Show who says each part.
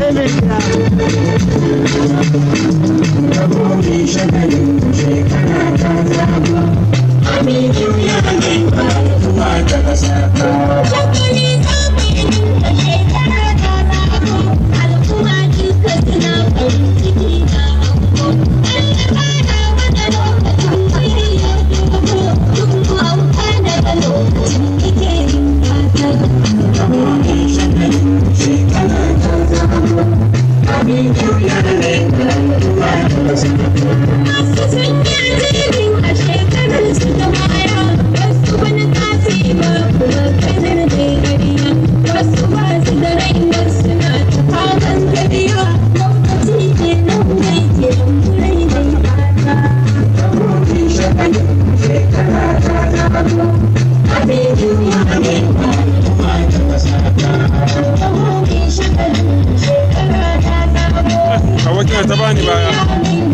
Speaker 1: Energia. 怎么办？你吧。